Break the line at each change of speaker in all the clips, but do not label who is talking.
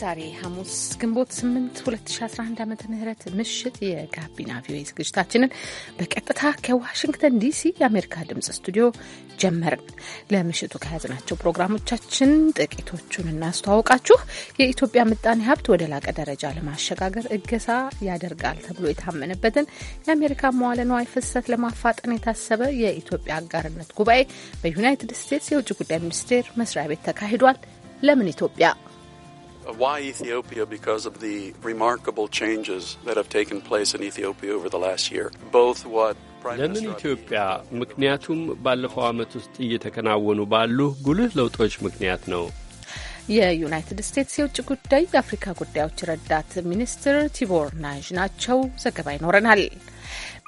ዛሬ ሐሙስ ግንቦት 8 2011 ዓ ም ምሽት የጋቢና ቪኦኤ ዝግጅታችንን በቀጥታ ከዋሽንግተን ዲሲ የአሜሪካ ድምጽ ስቱዲዮ ጀመርን። ለምሽቱ ከያዝናቸው ፕሮግራሞቻችን ጥቂቶቹን እናስተዋውቃችሁ። የኢትዮጵያ ምጣኔ ሀብት ወደ ላቀ ደረጃ ለማሸጋገር እገሳ ያደርጋል ተብሎ የታመነበትን የአሜሪካ መዋለ ንዋይ ፍሰት ለማፋጠን የታሰበ የኢትዮጵያ አጋርነት ጉባኤ በዩናይትድ ስቴትስ የውጭ ጉዳይ ሚኒስቴር መስሪያ ቤት ተካሂዷል። ለምን ኢትዮጵያ
Why Ethiopia? Because of the remarkable changes that have taken place in Ethiopia over the last year. Both what ለምን
ኢትዮጵያ? ምክንያቱም ባለፈው ዓመት ውስጥ እየተከናወኑ ባሉ ጉልህ ለውጦች ምክንያት ነው።
የዩናይትድ ስቴትስ የውጭ ጉዳይ የአፍሪካ ጉዳዮች ረዳት ሚኒስትር ቲቦር ናዥ ናቸው። ዘገባ ይኖረናል።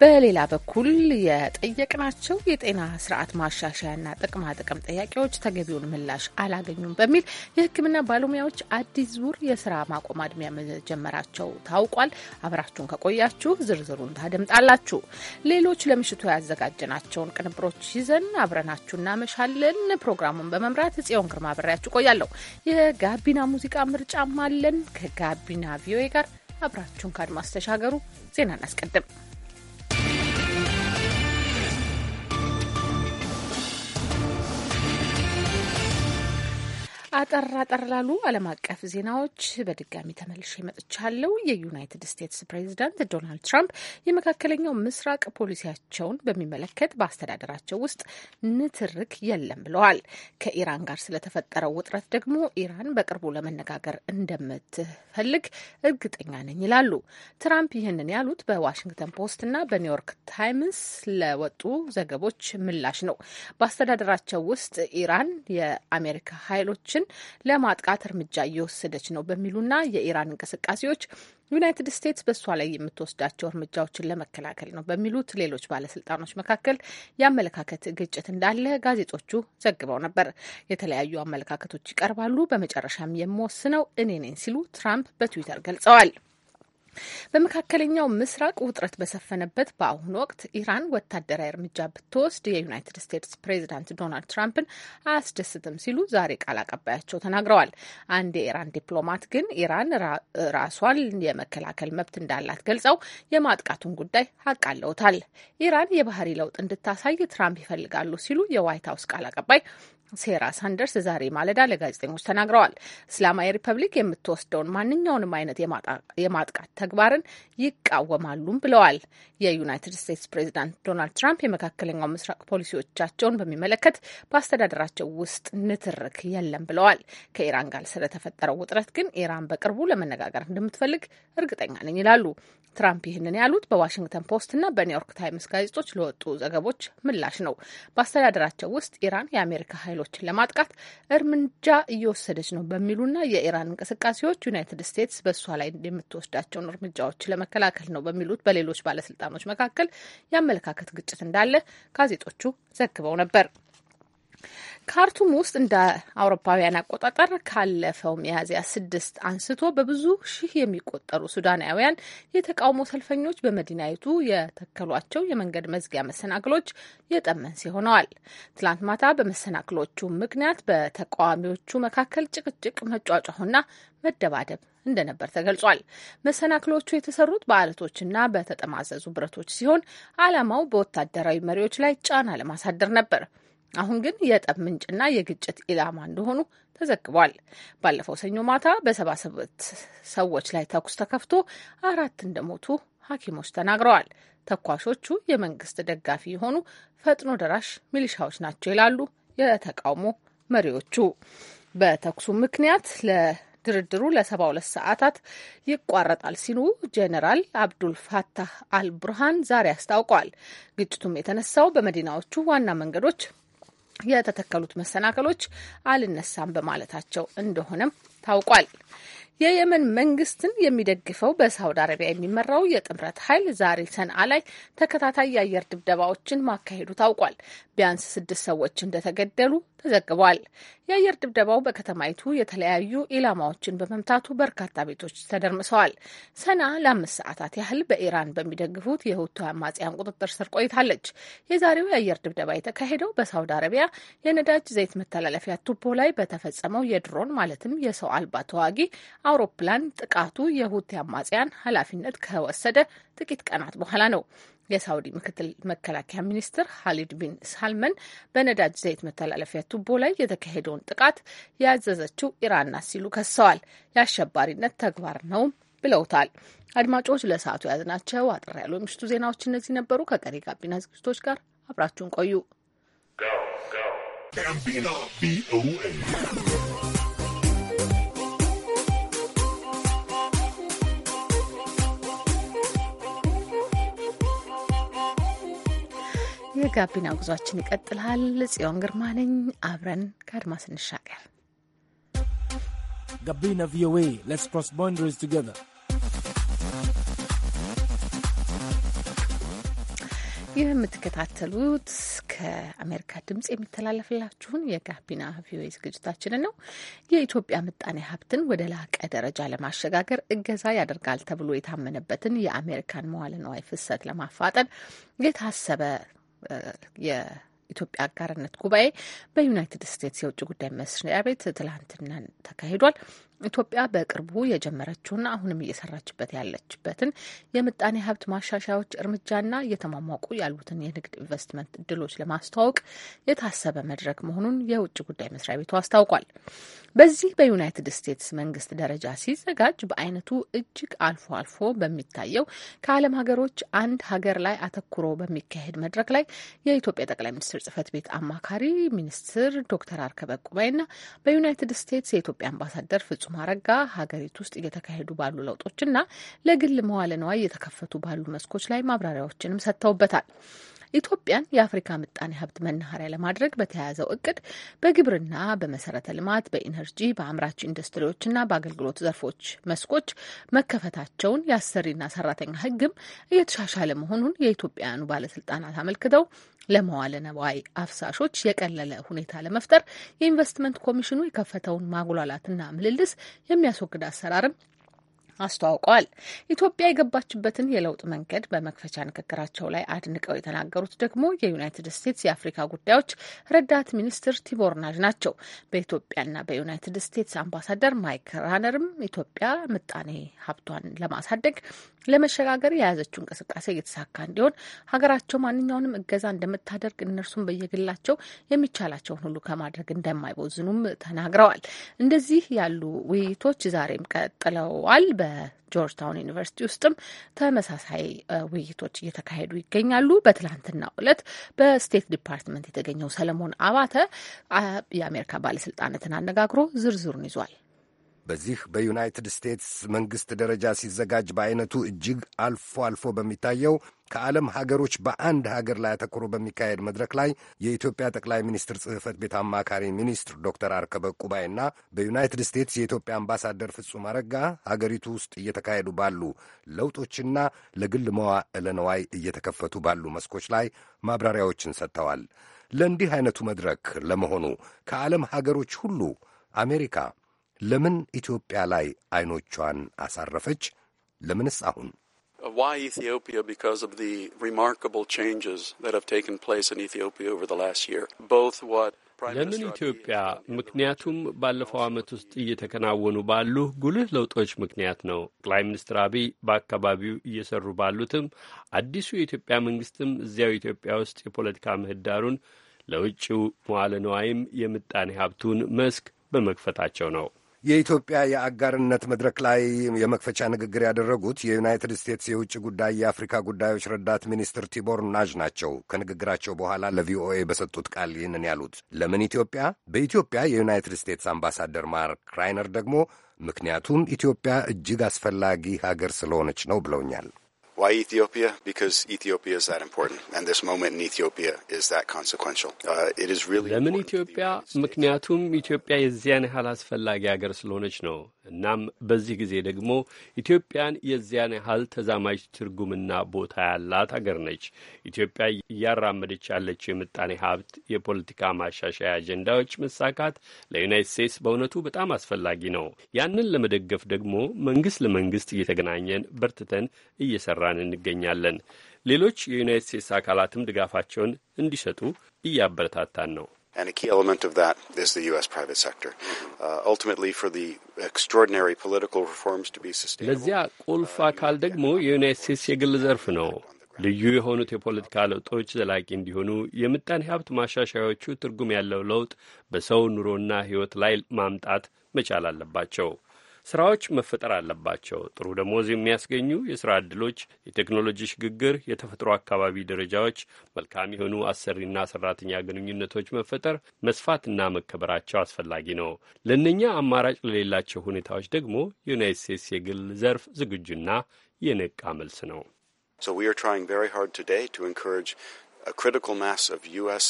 በሌላ በኩል የጠየቅናቸው የጤና ስርዓት ማሻሻያና ጥቅማ ጥቅም ጥያቄዎች ተገቢውን ምላሽ አላገኙም በሚል የሕክምና ባለሙያዎች አዲስ ዙር የስራ ማቆም አድሚያ መጀመራቸው ታውቋል። አብራችሁን ከቆያችሁ ዝርዝሩን ታደምጣላችሁ። ሌሎች ለምሽቱ ያዘጋጀናቸውን ቅንብሮች ይዘን አብረናችሁ እናመሻለን። ፕሮግራሙን በመምራት ጽዮን ግርማ አብሬያችሁ ቆያለሁ። የጋቢና ሙዚቃ ምርጫም አለን። ከጋቢና ቪኦኤ ጋር አብራችሁን ከአድማስ ተሻገሩ። ዜና እናስቀድም። አጠር አጠር ላሉ ዓለም አቀፍ ዜናዎች በድጋሚ ተመልሼ መጥቻለሁ። የዩናይትድ ስቴትስ ፕሬዚዳንት ዶናልድ ትራምፕ የመካከለኛው ምስራቅ ፖሊሲያቸውን በሚመለከት በአስተዳደራቸው ውስጥ ንትርክ የለም ብለዋል። ከኢራን ጋር ስለተፈጠረው ውጥረት ደግሞ ኢራን በቅርቡ ለመነጋገር እንደምትፈልግ እርግጠኛ ነኝ ይላሉ። ትራምፕ ይህንን ያሉት በዋሽንግተን ፖስት እና በኒውዮርክ ታይምስ ለወጡ ዘገቦች ምላሽ ነው። በአስተዳደራቸው ውስጥ ኢራን የአሜሪካ ኃይሎችን ኢራንን ለማጥቃት እርምጃ እየወሰደች ነው በሚሉና የኢራን እንቅስቃሴዎች ዩናይትድ ስቴትስ በእሷ ላይ የምትወስዳቸው እርምጃዎችን ለመከላከል ነው በሚሉት ሌሎች ባለስልጣኖች መካከል የአመለካከት ግጭት እንዳለ ጋዜጦቹ ዘግበው ነበር። የተለያዩ አመለካከቶች ይቀርባሉ፣ በመጨረሻም የምወስነው እኔ ነኝ ሲሉ ትራምፕ በትዊተር ገልጸዋል። በመካከለኛው ምስራቅ ውጥረት በሰፈነበት በአሁኑ ወቅት ኢራን ወታደራዊ እርምጃ ብትወስድ የዩናይትድ ስቴትስ ፕሬዚዳንት ዶናልድ ትራምፕን አያስደስትም ሲሉ ዛሬ ቃል አቀባያቸው ተናግረዋል። አንድ የኢራን ዲፕሎማት ግን ኢራን ራሷን የመከላከል መብት እንዳላት ገልጸው የማጥቃቱን ጉዳይ አቃለውታል። ኢራን የባህሪ ለውጥ እንድታሳይ ትራምፕ ይፈልጋሉ ሲሉ የዋይት ሀውስ ቃል አቀባይ ሴራ ሳንደርስ ዛሬ ማለዳ ለጋዜጠኞች ተናግረዋል። እስላማዊ ሪፐብሊክ የምትወስደውን ማንኛውንም አይነት የማጥቃት ተግባርን ይቃወማሉም ብለዋል። የዩናይትድ ስቴትስ ፕሬዚዳንት ዶናልድ ትራምፕ የመካከለኛው ምስራቅ ፖሊሲዎቻቸውን በሚመለከት በአስተዳደራቸው ውስጥ ንትርክ የለም ብለዋል። ከኢራን ጋር ስለተፈጠረው ውጥረት ግን ኢራን በቅርቡ ለመነጋገር እንደምትፈልግ እርግጠኛ ነኝ ይላሉ። ትራምፕ ይህንን ያሉት በዋሽንግተን እና በኒውዮርክ ታይምስ ጋዜጦች ለወጡ ዘገቦች ምላሽ ነው። በአስተዳደራቸው ውስጥ ኢራን የአሜሪካ ኃይሎ ኃይሎችን ለማጥቃት እርምጃ እየወሰደች ነው በሚሉና የኢራን እንቅስቃሴዎች ዩናይትድ ስቴትስ በእሷ ላይ የምትወስዳቸውን እርምጃዎች ለመከላከል ነው በሚሉት በሌሎች ባለስልጣኖች መካከል የአመለካከት ግጭት እንዳለ ጋዜጦቹ ዘግበው ነበር። ካርቱም ውስጥ እንደ አውሮፓውያን አቆጣጠር ካለፈው ሚያዝያ ስድስት አንስቶ በብዙ ሺህ የሚቆጠሩ ሱዳናውያን የተቃውሞ ሰልፈኞች በመዲናይቱ የተከሏቸው የመንገድ መዝጊያ መሰናክሎች የጠመን ሆነዋል። ትላንት ማታ በመሰናክሎቹ ምክንያት በተቃዋሚዎቹ መካከል ጭቅጭቅ፣ መጫጫሁና መደባደብ እንደነበር ተገልጿል። መሰናክሎቹ የተሰሩት በአለቶችና በተጠማዘዙ ብረቶች ሲሆን ዓላማው በወታደራዊ መሪዎች ላይ ጫና ለማሳደር ነበር። አሁን ግን የጠብ ምንጭና የግጭት ኢላማ እንደሆኑ ተዘግቧል። ባለፈው ሰኞ ማታ በሰባ ሰባት ሰዎች ላይ ተኩስ ተከፍቶ አራት እንደሞቱ ሐኪሞች ተናግረዋል። ተኳሾቹ የመንግስት ደጋፊ የሆኑ ፈጥኖ ደራሽ ሚሊሻዎች ናቸው ይላሉ የተቃውሞ መሪዎቹ። በተኩሱ ምክንያት ለድርድሩ ለሰባ ሁለት ሰዓታት ይቋረጣል ሲሉ ጄኔራል አብዱል ፋታህ አልቡርሃን ዛሬ አስታውቋል። ግጭቱም የተነሳው በመዲናዎቹ ዋና መንገዶች የተተከሉት መሰናክሎች አልነሳም በማለታቸው እንደሆነም ታውቋል። የየመን መንግስትን የሚደግፈው በሳውዲ አረቢያ የሚመራው የጥምረት ኃይል ዛሬ ሰንዓ ላይ ተከታታይ የአየር ድብደባዎችን ማካሄዱ ታውቋል። ቢያንስ ስድስት ሰዎች እንደተገደሉ ተዘግቧል። የአየር ድብደባው በከተማይቱ የተለያዩ ኢላማዎችን በመምታቱ በርካታ ቤቶች ተደርምሰዋል። ሰና ለአምስት ሰዓታት ያህል በኢራን በሚደግፉት የሁቱ አማጽያን ቁጥጥር ስር ቆይታለች። የዛሬው የአየር ድብደባ የተካሄደው በሳውዲ አረቢያ የነዳጅ ዘይት መተላለፊያ ቱቦ ላይ በተፈጸመው የድሮን ማለትም የሰው አልባ ተዋጊ አውሮፕላን ጥቃቱ የሁቲ አማጽያን ኃላፊነት ከወሰደ ጥቂት ቀናት በኋላ ነው። የሳውዲ ምክትል መከላከያ ሚኒስትር ሀሊድ ቢን ሳልመን በነዳጅ ዘይት መተላለፊያ ቱቦ ላይ የተካሄደውን ጥቃት ያዘዘችው ኢራን ናት ሲሉ ከሰዋል። የአሸባሪነት ተግባር ነው ብለውታል። አድማጮች ለሰዓቱ የያዝናቸው አጠር ያሉ የምሽቱ ዜናዎች እነዚህ ነበሩ። ከቀሪ ጋቢና ዝግጅቶች ጋር አብራችሁን ቆዩ። የጋቢና ጉዟችን ይቀጥላል። ጽዮን ግርማ ነኝ። አብረን ከአድማስ እንሻገር።
ጋቢና ቪኦኤ ሌትስ ክሮስ ቦንደሪስ ቱጌዘር
ይህ የምትከታተሉት ከአሜሪካ ድምጽ የሚተላለፍላችሁን የጋቢና ቪኦኤ ዝግጅታችንን ነው። የኢትዮጵያ ምጣኔ ሀብትን ወደ ላቀ ደረጃ ለማሸጋገር እገዛ ያደርጋል ተብሎ የታመነበትን የአሜሪካን መዋለ ንዋይ ፍሰት ለማፋጠን የታሰበ የኢትዮጵያ አጋርነት ጉባኤ በዩናይትድ ስቴትስ የውጭ ጉዳይ መስሪያ ቤት ትላንትና ተካሂዷል። ኢትዮጵያ በቅርቡ የጀመረችውና አሁንም እየሰራችበት ያለችበትን የምጣኔ ሀብት ማሻሻያዎች እርምጃና እየተሟሟቁ ያሉትን የንግድ ኢንቨስትመንት እድሎች ለማስተዋወቅ የታሰበ መድረክ መሆኑን የውጭ ጉዳይ መስሪያ ቤቱ አስታውቋል። በዚህ በዩናይትድ ስቴትስ መንግስት ደረጃ ሲዘጋጅ በአይነቱ እጅግ አልፎ አልፎ በሚታየው ከዓለም ሀገሮች አንድ ሀገር ላይ አተኩሮ በሚካሄድ መድረክ ላይ የኢትዮጵያ ጠቅላይ ሚኒስትር ጽህፈት ቤት አማካሪ ሚኒስትር ዶክተር አርከበ ቁባይና በዩናይትድ ስቴትስ የኢትዮጵያ አምባሳደር ፍጹም ኩማ ረጋ ሀገሪቱ ውስጥ እየተካሄዱ ባሉ ለውጦችና ለግል መዋለ እየተከፈቱ ባሉ መስኮች ላይ ማብራሪያዎችንም ሰጥተውበታል። ኢትዮጵያን የአፍሪካ ምጣኔ ሀብት መናኸሪያ ለማድረግ በተያያዘው እቅድ በግብርና፣ በመሰረተ ልማት፣ በኢነርጂ፣ በአምራች ኢንዱስትሪዎችና በአገልግሎት ዘርፎች መስኮች መከፈታቸውን የአሰሪና ሰራተኛ ህግም እየተሻሻለ መሆኑን የኢትዮጵያውያኑ ባለስልጣናት አመልክተው ለመዋለ ነዋይ አፍሳሾች የቀለለ ሁኔታ ለመፍጠር የኢንቨስትመንት ኮሚሽኑ የከፈተውን ማጉላላትና ምልልስ የሚያስወግድ አሰራርም አስተዋውቀዋል። ኢትዮጵያ የገባችበትን የለውጥ መንገድ በመክፈቻ ንግግራቸው ላይ አድንቀው የተናገሩት ደግሞ የዩናይትድ ስቴትስ የአፍሪካ ጉዳዮች ረዳት ሚኒስትር ቲቦር ናጅ ናቸው። በኢትዮጵያና በዩናይትድ ስቴትስ አምባሳደር ማይክ ራነርም ኢትዮጵያ ምጣኔ ሀብቷን ለማሳደግ ለመሸጋገር የያዘችው እንቅስቃሴ እየተሳካ እንዲሆን ሀገራቸው ማንኛውንም እገዛ እንደምታደርግ እነርሱም በየግላቸው የሚቻላቸውን ሁሉ ከማድረግ እንደማይቦዝኑም ተናግረዋል። እንደዚህ ያሉ ውይይቶች ዛሬም ቀጥለዋል። በጆርጅ ታውን ዩኒቨርሲቲ ውስጥም ተመሳሳይ ውይይቶች እየተካሄዱ ይገኛሉ። በትላንትናው ዕለት በስቴት ዲፓርትመንት የተገኘው ሰለሞን አባተ የአሜሪካ ባለስልጣናትን አነጋግሮ ዝርዝሩን ይዟል።
በዚህ በዩናይትድ ስቴትስ መንግሥት ደረጃ ሲዘጋጅ በአይነቱ እጅግ አልፎ አልፎ በሚታየው ከዓለም ሀገሮች በአንድ ሀገር ላይ አተኩሮ በሚካሄድ መድረክ ላይ የኢትዮጵያ ጠቅላይ ሚኒስትር ጽሕፈት ቤት አማካሪ ሚኒስትር ዶክተር አርከበ ቁባይና በዩናይትድ ስቴትስ የኢትዮጵያ አምባሳደር ፍጹም አረጋ ሀገሪቱ ውስጥ እየተካሄዱ ባሉ ለውጦችና ለግል መዋዕለ ነዋይ እየተከፈቱ ባሉ መስኮች ላይ ማብራሪያዎችን ሰጥተዋል። ለእንዲህ አይነቱ መድረክ ለመሆኑ ከዓለም ሀገሮች ሁሉ አሜሪካ ለምን ኢትዮጵያ ላይ አይኖቿን አሳረፈች? ለምንስ አሁን?
ለምን ኢትዮጵያ? ምክንያቱም ባለፈው ዓመት ውስጥ እየተከናወኑ ባሉ ጉልህ ለውጦች ምክንያት ነው። ጠቅላይ ሚኒስትር አብይ በአካባቢው እየሰሩ ባሉትም አዲሱ የኢትዮጵያ መንግስትም እዚያው ኢትዮጵያ ውስጥ የፖለቲካ ምህዳሩን ለውጭው መዋለ ነዋይም የምጣኔ ሀብቱን መስክ በመክፈታቸው ነው።
የኢትዮጵያ የአጋርነት መድረክ ላይ የመክፈቻ ንግግር ያደረጉት የዩናይትድ ስቴትስ የውጭ ጉዳይ የአፍሪካ ጉዳዮች ረዳት ሚኒስትር ቲቦር ናዥ ናቸው። ከንግግራቸው በኋላ ለቪኦኤ በሰጡት ቃል ይህንን ያሉት ለምን ኢትዮጵያ? በኢትዮጵያ የዩናይትድ ስቴትስ አምባሳደር ማርክ ክራይነር ደግሞ ምክንያቱም ኢትዮጵያ እጅግ አስፈላጊ ሀገር ስለሆነች ነው ብለውኛል።
Why Ethiopia? Because Ethiopia is that important, and this moment in Ethiopia is that consequential. Uh, it is really. ለምን ኢትዮጵያ?
ምክንያቱም ኢትዮጵያ የዚያን ያህል አስፈላጊ ሀገር ስለሆነች ነው። እናም በዚህ ጊዜ ደግሞ ኢትዮጵያን የዚያን ያህል ተዛማጅ ትርጉምና ቦታ ያላት አገር ነች። ኢትዮጵያ እያራመደች ያለችው የምጣኔ ሀብት፣ የፖለቲካ ማሻሻያ አጀንዳዎች መሳካት ለዩናይት ስቴትስ በእውነቱ በጣም አስፈላጊ ነው። ያንን ለመደገፍ ደግሞ መንግስት ለመንግስት እየተገናኘን በርትተን እየሰራን እንገኛለን። ሌሎች የዩናይት ስቴትስ አካላትም ድጋፋቸውን እንዲሰጡ እያበረታታን ነው።
And a key element of that is the U.S. private sector. Uh, ultimately, for the extraordinary political reforms to be sustainable.
ለዚያ ቁልፍ አካል ደግሞ የዩናይት ስቴትስ የግል ዘርፍ ነው። ልዩ የሆኑት የፖለቲካ ለውጦች ዘላቂ እንዲሆኑ የምጣኔ ሀብት ማሻሻያዎቹ ትርጉም ያለው ለውጥ በሰው ኑሮና ሕይወት ላይ ማምጣት መቻል አለባቸው። ስራዎች መፈጠር አለባቸው። ጥሩ ደሞዝ የሚያስገኙ የስራ ዕድሎች፣ የቴክኖሎጂ ሽግግር፣ የተፈጥሮ አካባቢ ደረጃዎች፣ መልካም የሆኑ አሰሪና ሰራተኛ ግንኙነቶች መፈጠር መስፋትና መከበራቸው አስፈላጊ ነው። ለእነኛ አማራጭ ለሌላቸው ሁኔታዎች ደግሞ የዩናይት ስቴትስ የግል ዘርፍ ዝግጁና የነቃ መልስ ነው።
So we are trying very hard today to encourage a critical mass of U.S.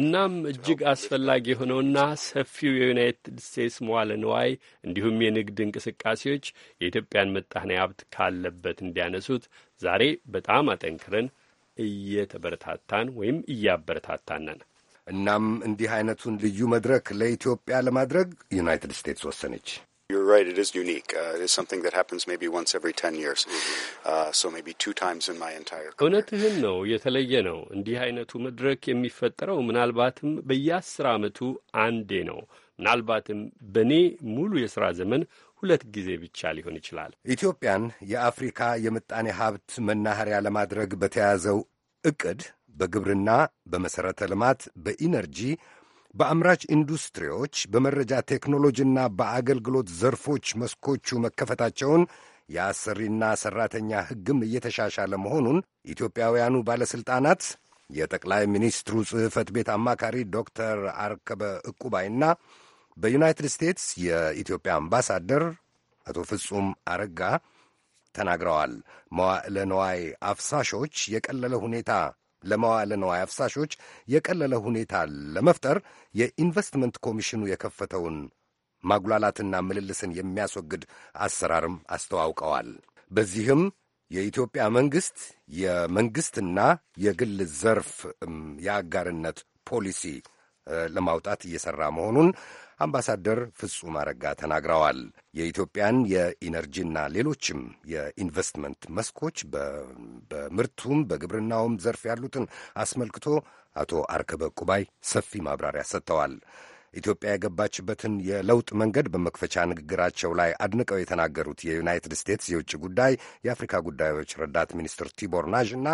እናም እጅግ አስፈላጊ የሆነውና ሰፊው የዩናይትድ ስቴትስ መዋለ ንዋይ እንዲሁም የንግድ እንቅስቃሴዎች የኢትዮጵያን ምጣኔ ሀብት ካለበት እንዲያነሱት ዛሬ በጣም አጠንክረን እየተበረታታን ወይም እያበረታታን
እናም እንዲህ አይነቱን ልዩ መድረክ ለኢትዮጵያ ለማድረግ ዩናይትድ ስቴትስ ወሰነች።
You're right, it is unique. Uh, it is something that happens maybe
once every 10 years. Mm-hmm. Uh, so maybe two times in my entire
career. እውነትህን ነው፣ የተለየ ነው። እንዲህ አይነቱ መድረክ የሚፈጠረው ምናልባትም በየአስር ዓመቱ አንዴ ነው። ምናልባትም በእኔ ሙሉ የሥራ ዘመን ሁለት ጊዜ ብቻ ሊሆን ይችላል።
ኢትዮጵያን የአፍሪካ የምጣኔ ሀብት መናኸሪያ ለማድረግ በተያዘው እቅድ በግብርና፣ በመሠረተ ልማት፣ በኢነርጂ በአምራች ኢንዱስትሪዎች በመረጃ ቴክኖሎጂና በአገልግሎት ዘርፎች መስኮቹ መከፈታቸውን የአሰሪና ሠራተኛ ሕግም እየተሻሻለ መሆኑን ኢትዮጵያውያኑ ባለሥልጣናት የጠቅላይ ሚኒስትሩ ጽሕፈት ቤት አማካሪ ዶክተር አርከበ ዕቁባይና በዩናይትድ ስቴትስ የኢትዮጵያ አምባሳደር አቶ ፍጹም አረጋ ተናግረዋል። መዋዕለ ነዋይ አፍሳሾች የቀለለ ሁኔታ ለመዋለ ነዋይ አፍሳሾች የቀለለ ሁኔታ ለመፍጠር የኢንቨስትመንት ኮሚሽኑ የከፈተውን ማጉላላትና ምልልስን የሚያስወግድ አሰራርም አስተዋውቀዋል። በዚህም የኢትዮጵያ መንግሥት የመንግሥትና የግል ዘርፍ የአጋርነት ፖሊሲ ለማውጣት እየሠራ መሆኑን አምባሳደር ፍጹም አረጋ ተናግረዋል። የኢትዮጵያን የኢነርጂና ሌሎችም የኢንቨስትመንት መስኮች በምርቱም በግብርናውም ዘርፍ ያሉትን አስመልክቶ አቶ አርከበ ቁባይ ሰፊ ማብራሪያ ሰጥተዋል። ኢትዮጵያ የገባችበትን የለውጥ መንገድ በመክፈቻ ንግግራቸው ላይ አድንቀው የተናገሩት የዩናይትድ ስቴትስ የውጭ ጉዳይ የአፍሪካ ጉዳዮች ረዳት ሚኒስትር ቲቦር ናዥ እና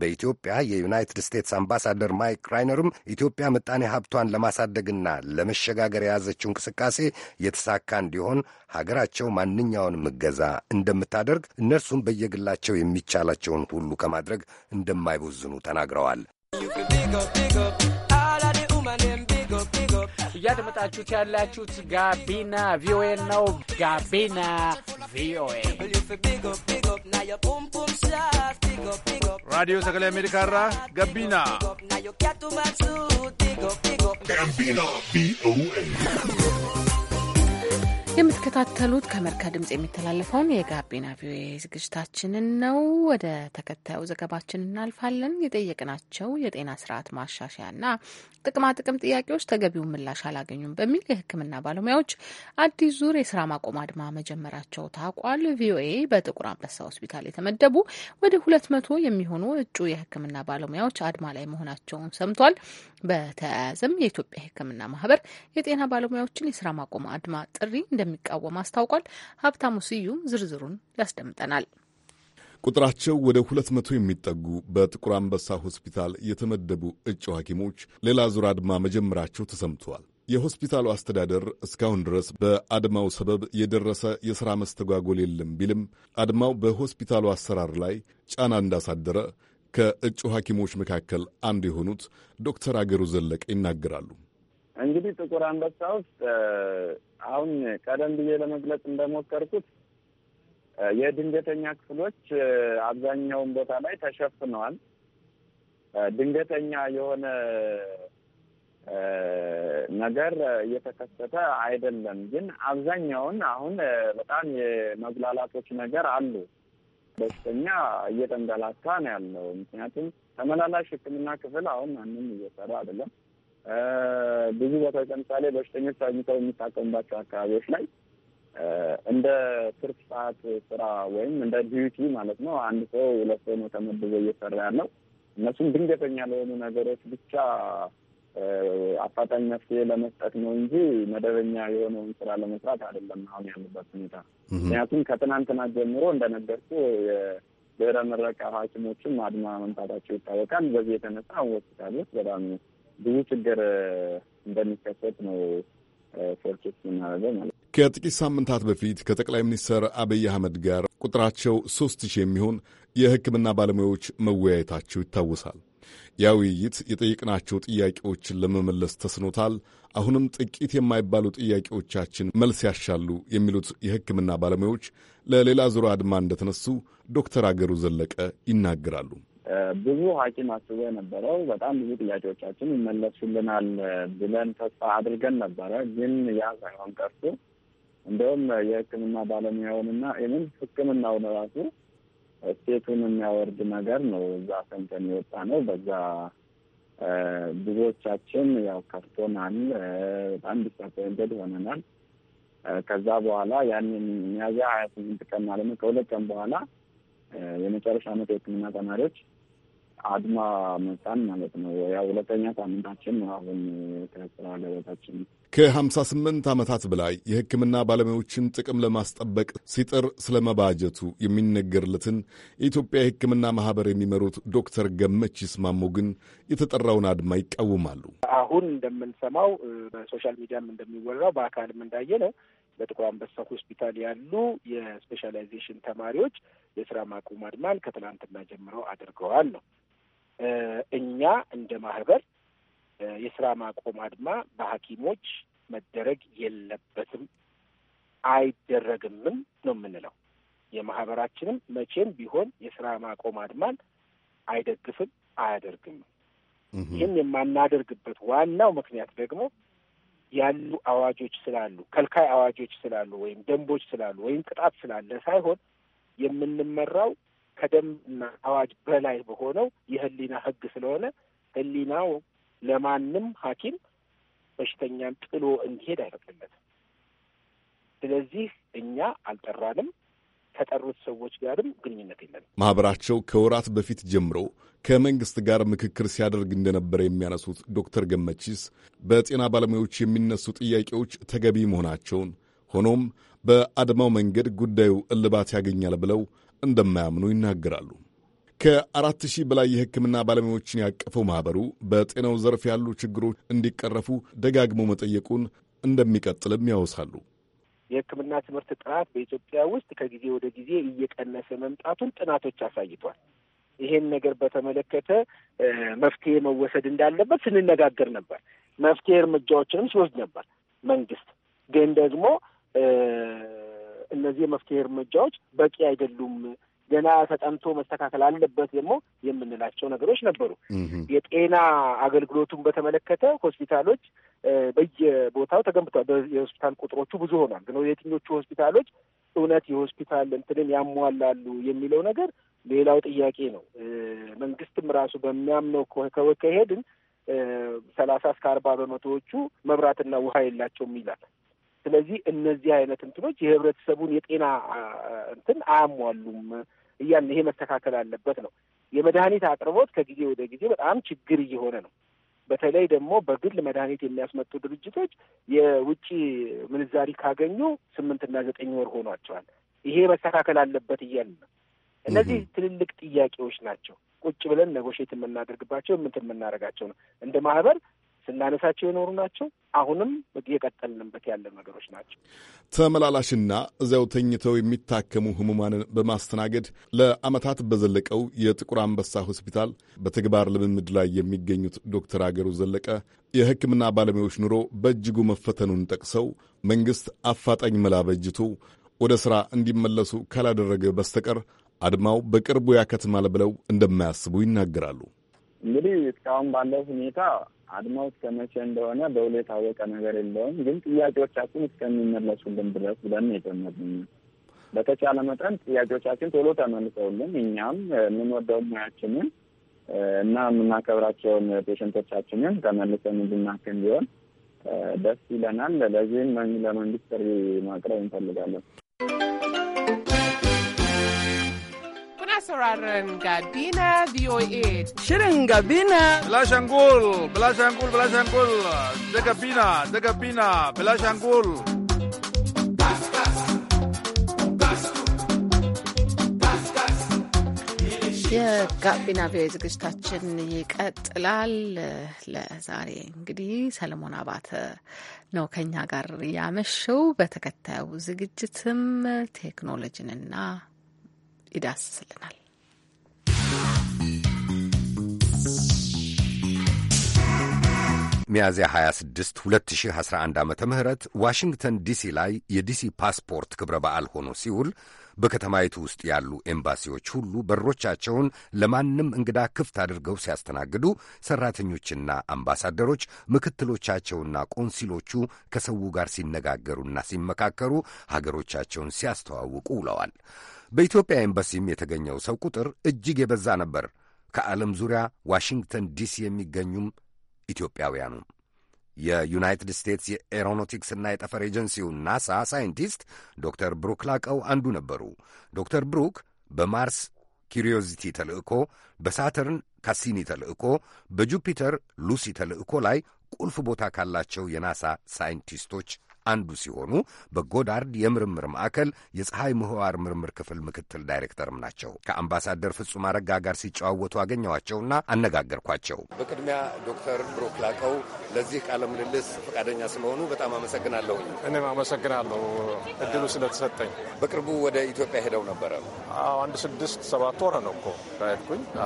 በኢትዮጵያ የዩናይትድ ስቴትስ አምባሳደር ማይክ ራይነርም ኢትዮጵያ ምጣኔ ሀብቷን ለማሳደግና ለመሸጋገር የያዘችው እንቅስቃሴ የተሳካ እንዲሆን ሀገራቸው ማንኛውንም እገዛ እንደምታደርግ እነርሱም በየግላቸው የሚቻላቸውን ሁሉ ከማድረግ እንደማይቦዝኑ ተናግረዋል።
እያደመጣችሁት ያላችሁት ጋቢና ቪኦኤ ነው። ጋቢና ቪኦኤ
Radio
Sagalee Ameerikaa irraa Gabbina. Gabbina B.O.A.
የምትከታተሉት ከአሜሪካ ድምጽ የሚተላለፈውን የጋቢና ቪኦኤ ዝግጅታችንን ነው። ወደ ተከታዩ ዘገባችን እናልፋለን። የጠየቅናቸው የጤና ስርዓት ማሻሻያና ጥቅማጥቅም ጥያቄዎች ተገቢውን ምላሽ አላገኙም በሚል የሕክምና ባለሙያዎች አዲስ ዙር የስራ ማቆም አድማ መጀመራቸው ታውቋል። ቪኦኤ በጥቁር አንበሳ ሆስፒታል የተመደቡ ወደ ሁለት መቶ የሚሆኑ እጩ የሕክምና ባለሙያዎች አድማ ላይ መሆናቸውን ሰምቷል። በተያያዘም የኢትዮጵያ ሕክምና ማህበር የጤና ባለሙያዎችን የስራ ማቆም አድማ ጥሪ እንደሚቃወም አስታውቋል። ሀብታሙ ስዩም ዝርዝሩን ያስደምጠናል።
ቁጥራቸው ወደ ሁለት መቶ የሚጠጉ በጥቁር አንበሳ ሆስፒታል የተመደቡ እጩ ሐኪሞች ሌላ ዙር አድማ መጀመራቸው ተሰምተዋል። የሆስፒታሉ አስተዳደር እስካሁን ድረስ በአድማው ሰበብ የደረሰ የሥራ መስተጓጎል የለም ቢልም አድማው በሆስፒታሉ አሰራር ላይ ጫና እንዳሳደረ ከእጩ ሐኪሞች መካከል አንዱ የሆኑት ዶክተር አገሩ ዘለቀ ይናገራሉ።
እንግዲህ ጥቁር አንበሳ ውስጥ አሁን ቀደም ብዬ ለመግለጽ እንደሞከርኩት የድንገተኛ ክፍሎች አብዛኛውን ቦታ ላይ ተሸፍነዋል። ድንገተኛ የሆነ ነገር እየተከሰተ አይደለም። ግን አብዛኛውን አሁን በጣም የመጉላላቶች ነገር አሉ። በሽተኛ እየተንገላታ ነው ያለው። ምክንያቱም ተመላላሽ ሕክምና ክፍል አሁን ማንም እየሰራ አይደለም። ብዙ ቦታዎች ለምሳሌ በሽተኞች ታኝተው የሚታቀሙባቸው አካባቢዎች ላይ እንደ ትርፍ ሰዓት ስራ ወይም እንደ ዲዩቲ ማለት ነው። አንድ ሰው ሁለት ሰው ነው ተመድቦ እየሰራ ያለው። እነሱም ድንገተኛ ለሆኑ ነገሮች ብቻ አፋጣኝ መፍትሄ ለመስጠት ነው እንጂ መደበኛ የሆነውን ስራ ለመስራት አይደለም አሁን ያሉበት ሁኔታ። ምክንያቱም ከትናንትና ጀምሮ እንደነገርኩ የድህረ ምረቃ ሐኪሞችም አድማ መምታታቸው ይታወቃል። በዚህ የተነሳ ሆስፒታሎች በጣም ብዙ ችግር እንደሚከሰት ነው ፎርኬስ የምናደርገው ማለት ነው።
ከጥቂት ሳምንታት በፊት ከጠቅላይ ሚኒስትር አብይ አህመድ ጋር ቁጥራቸው ሶስት ሺህ የሚሆን የሕክምና ባለሙያዎች መወያየታቸው ይታወሳል። ያ ውይይት የጠየቅናቸው ጥያቄዎችን ለመመለስ ተስኖታል። አሁንም ጥቂት የማይባሉ ጥያቄዎቻችን መልስ ያሻሉ የሚሉት የሕክምና ባለሙያዎች ለሌላ ዙር አድማ እንደተነሱ ዶክተር አገሩ ዘለቀ ይናገራሉ።
ብዙ ሐኪም አስቦ የነበረው በጣም ብዙ ጥያቄዎቻችን ይመለሱልናል ብለን ተስፋ አድርገን ነበረ። ግን ያ ሳይሆን ቀርቶ እንደውም የሕክምና ባለሙያውንና ምን ሕክምናውን ራሱ ስቴቱን የሚያወርድ ነገር ነው። እዛ ሰምተን የወጣ ነው። በዛ ብዙዎቻችን ያው ከፍቶናል። በጣም ዲስአፖይንትድ ሆነናል። ከዛ በኋላ ያንን ሚያዝያ ሀያ ስምንት ቀን ማለት ነው ከሁለት ቀን በኋላ የመጨረሻ ዓመት የህክምና ተማሪዎች አድማ መጣን ማለት ነው። ያ ሁለተኛ ሳምንታችን አሁን ከስራ ገበታችን
ከሀምሳ ስምንት ዓመታት በላይ የሕክምና ባለሙያዎችን ጥቅም ለማስጠበቅ ሲጥር ስለ መባጀቱ የሚነገርለትን የኢትዮጵያ የሕክምና ማህበር የሚመሩት ዶክተር ገመች ይስማሙ ግን የተጠራውን አድማ ይቃወማሉ።
አሁን እንደምንሰማው በሶሻል ሚዲያም እንደሚወራው በአካልም እንዳየ ነው በጥቁር አንበሳ ሆስፒታል ያሉ የስፔሻላይዜሽን ተማሪዎች የስራ ማቆም አድማን ከትላንትና ጀምረው አድርገዋል ነው እኛ እንደ ማህበር የስራ ማቆም አድማ በሐኪሞች መደረግ የለበትም አይደረግምም ነው የምንለው። የማህበራችንም መቼም ቢሆን የስራ ማቆም አድማን አይደግፍም፣ አያደርግም። ይህን የማናደርግበት ዋናው ምክንያት ደግሞ ያሉ አዋጆች ስላሉ ከልካይ አዋጆች ስላሉ ወይም ደንቦች ስላሉ ወይም ቅጣት ስላለ ሳይሆን የምንመራው ከደንብና አዋጅ በላይ በሆነው የህሊና ህግ ስለሆነ ህሊናው ለማንም ሐኪም በሽተኛን ጥሎ እንዲሄድ አይፈቅድለትም። ስለዚህ እኛ አልጠራንም። ከጠሩት ሰዎች ጋርም ግንኙነት የለንም።
ማህበራቸው ከወራት በፊት ጀምሮ ከመንግስት ጋር ምክክር ሲያደርግ እንደነበረ የሚያነሱት ዶክተር ገመቺስ በጤና ባለሙያዎች የሚነሱ ጥያቄዎች ተገቢ መሆናቸውን ሆኖም በአድማው መንገድ ጉዳዩ እልባት ያገኛል ብለው እንደማያምኑ ይናገራሉ። ከአራት ሺህ በላይ የሕክምና ባለሙያዎችን ያቀፈው ማኅበሩ በጤናው ዘርፍ ያሉ ችግሮች እንዲቀረፉ ደጋግሞ መጠየቁን እንደሚቀጥልም ያወሳሉ።
የሕክምና ትምህርት ጥራት በኢትዮጵያ ውስጥ ከጊዜ ወደ ጊዜ እየቀነሰ መምጣቱን ጥናቶች አሳይቷል። ይሄን ነገር በተመለከተ መፍትሄ መወሰድ እንዳለበት ስንነጋገር ነበር። መፍትሄ እርምጃዎችንም ሲወስድ ነበር። መንግስት ግን ደግሞ እነዚህ የመፍትሄ እርምጃዎች በቂ አይደሉም፣ ገና ተጠንቶ መስተካከል አለበት ደግሞ የምንላቸው ነገሮች ነበሩ። የጤና አገልግሎቱን በተመለከተ ሆስፒታሎች በየቦታው ተገንብተዋል። የሆስፒታል ቁጥሮቹ ብዙ ሆኗል። ግን የትኞቹ ሆስፒታሎች እውነት የሆስፒታል እንትንን ያሟላሉ የሚለው ነገር ሌላው ጥያቄ ነው። መንግስትም ራሱ በሚያምነው ከወከሄድን ሰላሳ እስከ አርባ በመቶዎቹ መብራትና ውሃ የላቸውም ይላል። ስለዚህ እነዚህ አይነት እንትኖች የህብረተሰቡን የጤና እንትን አያሟሉም እያን ይሄ መስተካከል አለበት ነው። የመድኃኒት አቅርቦት ከጊዜ ወደ ጊዜ በጣም ችግር እየሆነ ነው። በተለይ ደግሞ በግል መድኃኒት የሚያስመጡ ድርጅቶች የውጭ ምንዛሪ ካገኙ ስምንትና ዘጠኝ ወር ሆኗቸዋል። ይሄ መስተካከል አለበት እያል ነው። እነዚህ ትልልቅ ጥያቄዎች ናቸው። ቁጭ ብለን ነጎሼት የምናደርግባቸው የምንትን የምናደርጋቸው ነው። እንደ ማህበር ስናነሳቸው የኖሩ ናቸው። አሁንም እየቀጠልንበት ያለ ነገሮች ናቸው።
ተመላላሽና እዚያው ተኝተው የሚታከሙ ህሙማንን በማስተናገድ ለአመታት በዘለቀው የጥቁር አንበሳ ሆስፒታል በተግባር ልምምድ ላይ የሚገኙት ዶክተር አገሩ ዘለቀ የህክምና ባለሙያዎች ኑሮ በእጅጉ መፈተኑን ጠቅሰው መንግሥት አፋጣኝ መላ በጅቱ ወደ ሥራ እንዲመለሱ ካላደረገ በስተቀር አድማው በቅርቡ ያከትማል ብለው እንደማያስቡ ይናገራሉ።
እንግዲህ እስካሁን ባለው ሁኔታ አድማው እስከ መቼ እንደሆነ በውል የታወቀ ነገር የለውም። ግን ጥያቄዎቻችን እስከሚመለሱልን ድረስ ብለን የጀመርነው በተቻለ መጠን ጥያቄዎቻችን ቶሎ ተመልሰውልን እኛም የምንወደውን ሙያችንን እና የምናከብራቸውን ፔሽንቶቻችንን ተመልሰን እንድናክም ቢሆን ደስ ይለናል። ለዚህም ለመንግስት ጥሪ ማቅረብ እንፈልጋለን።
sauraron Gabina VOA. Shirin Gabina.
Bilashangul, Bilashangul, Bilashangul. Da Gabina, da Gabina, Bilashangul.
የጋቢና ቪ ዝግጅታችን ይቀጥላል። ለዛሬ እንግዲህ ሰለሞን አባተ ነው ከኛ ጋር ያመሸው። በተከታዩ ዝግጅትም ቴክኖሎጂንና ይዳስስልናል።
ሚያዝያ 26 2011 ዓ ም ዋሽንግተን ዲሲ ላይ የዲሲ ፓስፖርት ክብረ በዓል ሆኖ ሲውል በከተማይቱ ውስጥ ያሉ ኤምባሲዎች ሁሉ በሮቻቸውን ለማንም እንግዳ ክፍት አድርገው ሲያስተናግዱ፣ ሠራተኞችና አምባሳደሮች ምክትሎቻቸውና ቆንሲሎቹ ከሰው ጋር ሲነጋገሩና ሲመካከሩ፣ ሀገሮቻቸውን ሲያስተዋውቁ ውለዋል። በኢትዮጵያ ኤምባሲም የተገኘው ሰው ቁጥር እጅግ የበዛ ነበር። ከዓለም ዙሪያ ዋሽንግተን ዲሲ የሚገኙም ኢትዮጵያውያኑ የዩናይትድ ስቴትስ የኤሮኖቲክስና የጠፈር ኤጀንሲው ናሳ ሳይንቲስት ዶክተር ብሩክ ላቀው አንዱ ነበሩ። ዶክተር ብሩክ በማርስ ኪሪዮዚቲ ተልእኮ፣ በሳተርን ካሲኒ ተልእኮ፣ በጁፒተር ሉሲ ተልእኮ ላይ ቁልፍ ቦታ ካላቸው የናሳ ሳይንቲስቶች አንዱ ሲሆኑ በጎዳርድ የምርምር ማዕከል የፀሐይ ምህዋር ምርምር ክፍል ምክትል ዳይሬክተርም ናቸው። ከአምባሳደር ፍጹም አረጋ ጋር ሲጨዋወቱ አገኘኋቸውና አነጋገርኳቸው። በቅድሚያ ዶክተር ብሩክ ላቀው ለዚህ ቃለ ምልልስ ፈቃደኛ ስለሆኑ በጣም አመሰግናለሁ።
እኔም አመሰግናለሁ እድሉ ስለተሰጠኝ። በቅርቡ ወደ
ኢትዮጵያ ሄደው ነበረ።
አንድ ስድስት ሰባት ወር ነው እኮ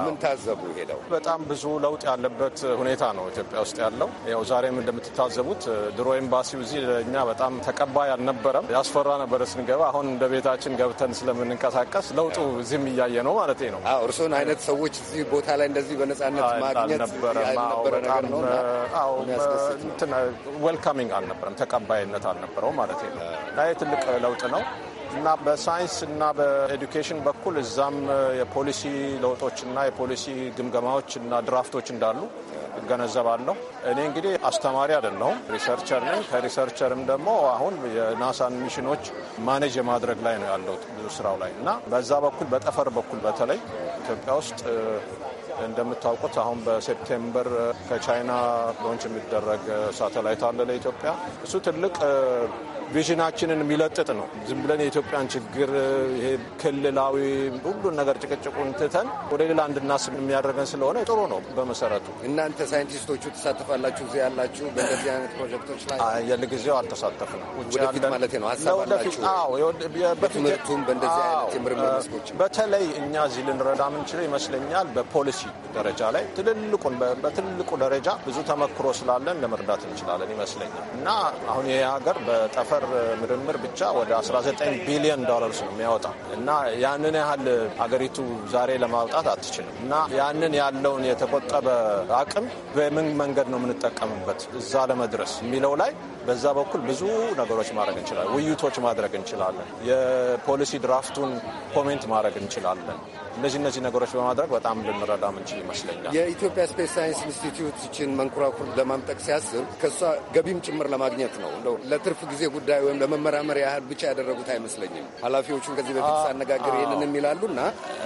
ምን ታዘቡ ሄደው? በጣም ብዙ ለውጥ ያለበት ሁኔታ ነው ኢትዮጵያ ውስጥ ያለው። ያው ዛሬም እንደምትታዘቡት ድሮ ኤምባሲው እዚህ ለእኛ በጣም ተቀባይ አልነበረም። ያስፈራ ነበረ ስንገባ። አሁን እንደ ቤታችን ገብተን ስለምንንቀሳቀስ ለውጡ
እዚህም እያየ ነው ማለት ነው። እርስዎን አይነት ሰዎች እዚህ ቦታ ላይ እንደዚህ በነጻነት ማግኘት
ዌልካሚንግ አልነበረም፣ ተቀባይነት አልነበረው ማለት ነው። ትልቅ ለውጥ ነው። እና በሳይንስ እና በኤዱኬሽን በኩል እዛም የፖሊሲ ለውጦች እና የፖሊሲ ግምገማዎች እና ድራፍቶች እንዳሉ እገነዘባለሁ። እኔ እንግዲህ አስተማሪ አይደለሁም፣ ሪሰርቸር ነኝ። ከሪሰርቸርም ደግሞ አሁን የናሳን ሚሽኖች ማኔጅ የማድረግ ላይ ነው ያለው ብዙ ስራው ላይ እና በዛ በኩል በጠፈር በኩል በተለይ ኢትዮጵያ ውስጥ እንደምታውቁት አሁን በሴፕቴምበር ከቻይና ሎንች የሚደረግ ሳተላይት አለ ለኢትዮጵያ። እሱ ትልቅ ቪዥናችንን የሚለጥጥ ነው። ዝም ብለን የኢትዮጵያን ችግር ይሄ ክልላዊ ሁሉን ነገር ጭቅጭቁን ትተን ወደ ሌላ እንድናስብ የሚያደርገን ስለሆነ ጥሩ ነው በመሰረቱ።
እናንተ ሳይንቲስቶቹ ተሳተፋላችሁ እዚህ ያላችሁ በእንደዚህ አይነት ፕሮጀክቶች ላይ?
የልጊዜው አልተሳተፍንም። ወደፊት ማለት ነው ሀሳብ በእንደዚህ
አይነት የምርምር መስኮች
በተለይ እኛ እዚህ ልንረዳ ምንችለው ይመስለኛል በፖሊሲ ደረጃ ላይ ትልልቁን በትልቁ ደረጃ ብዙ ተመክሮ ስላለን ለመርዳት እንችላለን ይመስለኛል እና አሁን ይሄ ሀገር በጠፈ የጠፈር ምርምር ብቻ ወደ 19 ቢሊዮን ዶላርስ ነው የሚያወጣው እና ያንን ያህል አገሪቱ ዛሬ ለማውጣት አትችልም እና ያንን ያለውን የተቆጠበ አቅም በምን መንገድ ነው የምንጠቀምበት እዛ ለመድረስ የሚለው ላይ በዛ በኩል ብዙ ነገሮች ማድረግ እንችላለን። ውይይቶች ማድረግ እንችላለን። የፖሊሲ ድራፍቱን ኮሜንት ማድረግ እንችላለን። እነዚህ እነዚህ ነገሮች በማድረግ በጣም ልንረዳ ምንችል ይመስለኛል።
የኢትዮጵያ ስፔስ ሳይንስ ኢንስቲትዩት ይችን መንኮራኩር ለማምጠቅ ሲያስብ ከእሷ ገቢም ጭምር ለማግኘት ነው። እንደው ለትርፍ ጊዜ ጉዳይ ወይም ለመመራመር ያህል ብቻ ያደረጉት አይመስለኝም። ኃላፊዎቹን ከዚህ በፊት ሳነጋገር ይህንን ይላሉ እና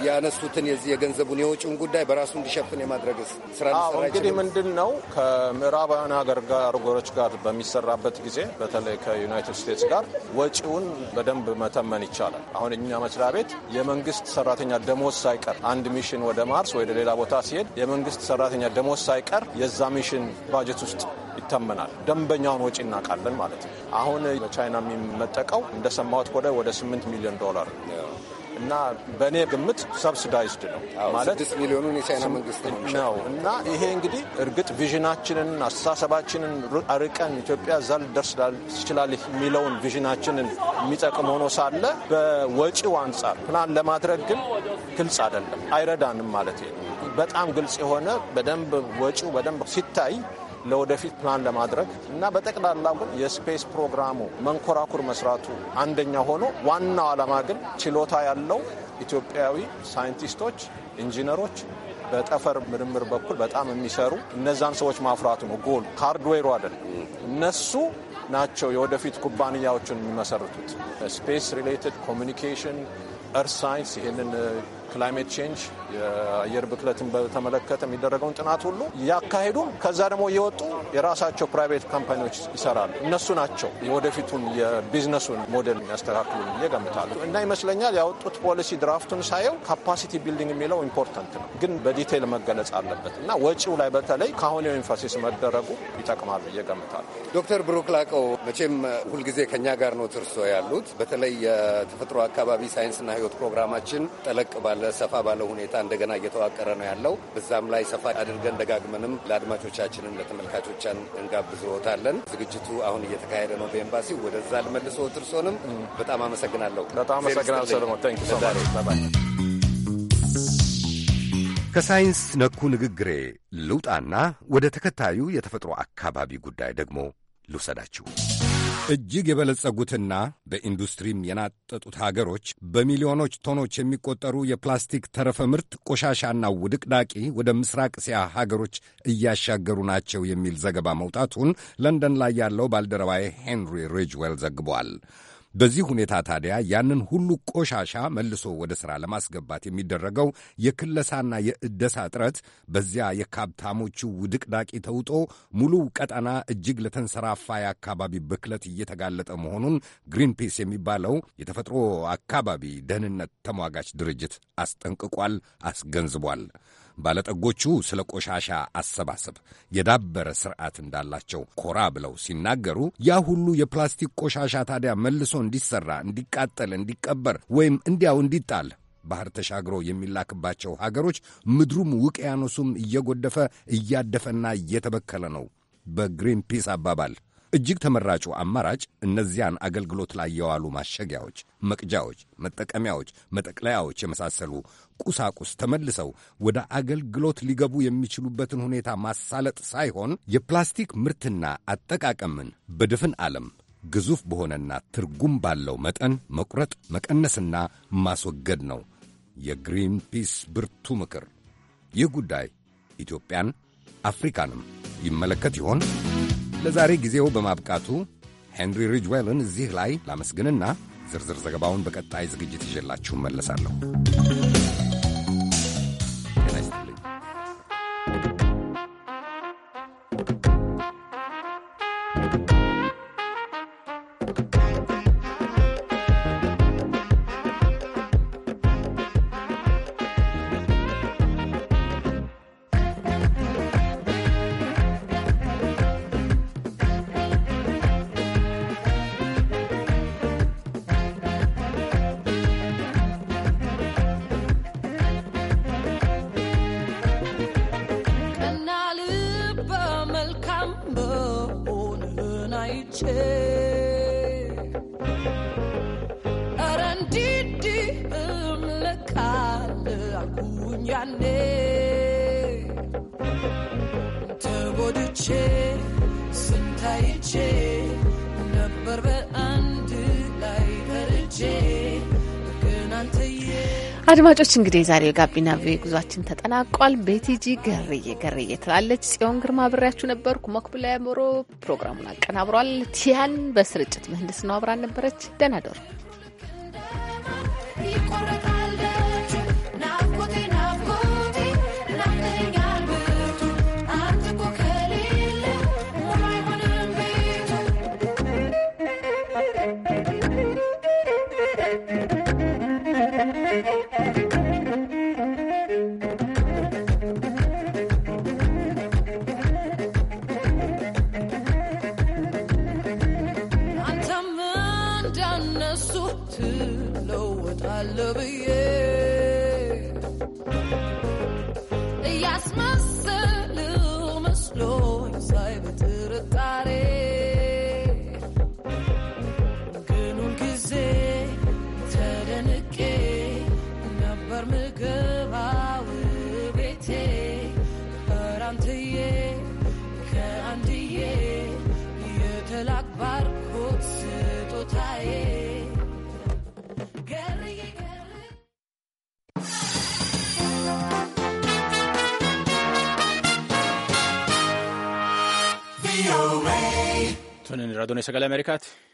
ያነሱትን የዚህ የገንዘቡን የውጭውን ጉዳይ በራሱ እንዲሸፍን የማድረግ ስራ ሊሰራ እንግዲህ
ምንድን ነው ከምዕራባውያን ሀገር ጋር ጎሮች ጋር በሚሰራበት ጊዜ በተለይ ከዩናይትድ ስቴትስ ጋር ወጪውን በደንብ መተመን ይቻላል። አሁን እኛ መስሪያ ቤት የመንግስት ሰራተኛ ደሞዝ ሳይቀር አንድ ሚሽን ወደ ማርስ ወደ ሌላ ቦታ ሲሄድ የመንግስት ሰራተኛ ደሞዝ ሳይቀር የዛ ሚሽን ባጀት ውስጥ ይተመናል። ደንበኛውን ወጪ እናውቃለን ማለት ነው። አሁን በቻይና የሚመጠቀው እንደሰማሁት ከሆነ ወደ 8 ሚሊዮን ዶላር እና በእኔ ግምት ሰብስዳይዝድ ነው ማለት ስድስት ሚሊዮኑን የቻይና መንግስት ነው። እና ይሄ እንግዲህ እርግጥ ቪዥናችንን አስተሳሰባችንን አርቀን ኢትዮጵያ እዛ ልደርስ ትችላለች የሚለውን ቪዥናችንን የሚጠቅም ሆኖ ሳለ በወጪው አንጻር ፕላን ለማድረግ ግን ግልጽ አይደለም፣ አይረዳንም ማለት ነው። በጣም ግልጽ የሆነ በደንብ ወጪው በደንብ ሲታይ ለወደፊት ፕላን ለማድረግ እና በጠቅላላ ግን የስፔስ ፕሮግራሙ መንኮራኩር መስራቱ አንደኛ ሆኖ ዋናው ዓላማ ግን ችሎታ ያለው ኢትዮጵያዊ ሳይንቲስቶች፣ ኢንጂነሮች በጠፈር ምርምር በኩል በጣም የሚሰሩ እነዛን ሰዎች ማፍራቱ ነው ጎል። ካርድዌሩ አይደለም። እነሱ ናቸው የወደፊት ኩባንያዎችን የሚመሰርቱት ስፔስ ሪሌትድ ኮሚኒኬሽን፣ እርስ ሳይንስ ይህንን ክላይሜት ቼንጅ የአየር ብክለትን በተመለከተ የሚደረገውን ጥናት ሁሉ ያካሄዱም ከዛ ደግሞ እየወጡ የራሳቸው ፕራይቬት ካምፓኒዎች ይሰራሉ። እነሱ ናቸው የወደፊቱን የቢዝነሱን ሞዴል የሚያስተካክሉ ብዬ እና ይመስለኛል ያወጡት ፖሊሲ ድራፍቱን ሳየው ካፓሲቲ ቢልዲንግ የሚለው ኢምፖርታንት ነው፣ ግን በዲቴይል መገለጽ አለበት እና ወጪው ላይ በተለይ ከአሁኔው ኢንፋሲስ መደረጉ ይጠቅማሉ ብዬ
ዶክተር ብሩክ ላቀው መቼም ሁልጊዜ ከኛ ጋር ነው ትርሶ ያሉት በተለይ የተፈጥሮ አካባቢ ሳይንስና ህይወት ፕሮግራማችን ጠለቅ ባለ ለሰፋ ባለ ሁኔታ እንደገና እየተዋቀረ ነው ያለው። በዛም ላይ ሰፋ አድርገን ደጋግመንም ለአድማጮቻችንም ለተመልካቾቻን እንጋብዝዎታለን። ዝግጅቱ አሁን እየተካሄደ ነው በኤምባሲ። ወደዛ ልመልሶ ትርሶንም በጣም አመሰግናለሁ። በጣም አመሰግናለሁ ሰለሞን። ከሳይንስ ነኩ ንግግሬ ልውጣና ወደ ተከታዩ የተፈጥሮ አካባቢ ጉዳይ ደግሞ ልውሰዳችሁ። እጅግ የበለጸጉትና በኢንዱስትሪም የናጠጡት ሀገሮች በሚሊዮኖች ቶኖች የሚቆጠሩ የፕላስቲክ ተረፈ ምርት ቆሻሻና ውድቅዳቂ ወደ ምስራቅ እስያ ሀገሮች እያሻገሩ ናቸው የሚል ዘገባ መውጣቱን ለንደን ላይ ያለው ባልደረባዬ ሄንሪ ሪጅዌል ዘግቧል። በዚህ ሁኔታ ታዲያ ያንን ሁሉ ቆሻሻ መልሶ ወደ ሥራ ለማስገባት የሚደረገው የክለሳና የእደሳ ጥረት በዚያ የካብታሞቹ ውድቅዳቂ ተውጦ ሙሉ ቀጠና እጅግ ለተንሰራፋ የአካባቢ ብክለት እየተጋለጠ መሆኑን ግሪንፒስ የሚባለው የተፈጥሮ አካባቢ ደህንነት ተሟጋች ድርጅት አስጠንቅቋል፣ አስገንዝቧል። ባለጠጎቹ ስለ ቆሻሻ አሰባሰብ የዳበረ ስርዓት እንዳላቸው ኮራ ብለው ሲናገሩ ያ ሁሉ የፕላስቲክ ቆሻሻ ታዲያ መልሶ እንዲሰራ፣ እንዲቃጠል፣ እንዲቀበር ወይም እንዲያው እንዲጣል ባህር ተሻግሮ የሚላክባቸው ሀገሮች ምድሩም ውቅያኖሱም እየጎደፈ እያደፈና እየተበከለ ነው። በግሪንፒስ አባባል እጅግ ተመራጩ አማራጭ እነዚያን አገልግሎት ላይ የዋሉ ማሸጊያዎች፣ መቅጃዎች፣ መጠቀሚያዎች፣ መጠቅለያዎች የመሳሰሉ ቁሳቁስ ተመልሰው ወደ አገልግሎት ሊገቡ የሚችሉበትን ሁኔታ ማሳለጥ ሳይሆን የፕላስቲክ ምርትና አጠቃቀምን በድፍን ዓለም ግዙፍ በሆነና ትርጉም ባለው መጠን መቁረጥ፣ መቀነስና ማስወገድ ነው የግሪን ፒስ ብርቱ ምክር። ይህ ጉዳይ ኢትዮጵያን አፍሪካንም ይመለከት ይሆን? ለዛሬ ጊዜው በማብቃቱ ሄንሪ ሪጅዌልን እዚህ ላይ ላመስግንና ዝርዝር ዘገባውን በቀጣይ ዝግጅት ይዤላችሁ መለሳለሁ።
ኧረ እንዲህ እምልካለሁ አልኩኝ ያኔ አድማጮች እንግዲህ የዛሬው የጋቢና ቪ ጉዟችን ተጠናቋል። ቤቲጂ ገርዬ ገርዬ ትላለች። ጽዮን ግርማ ብሬያችሁ ነበርኩ። መክቡላ ያምሮ ፕሮግራሙን አቀናብሯል። ቲያን በስርጭት ምህንድስና ነው አብራን ነበረች። ደህና ደሩ
Thank you.
sagale Amerikaati.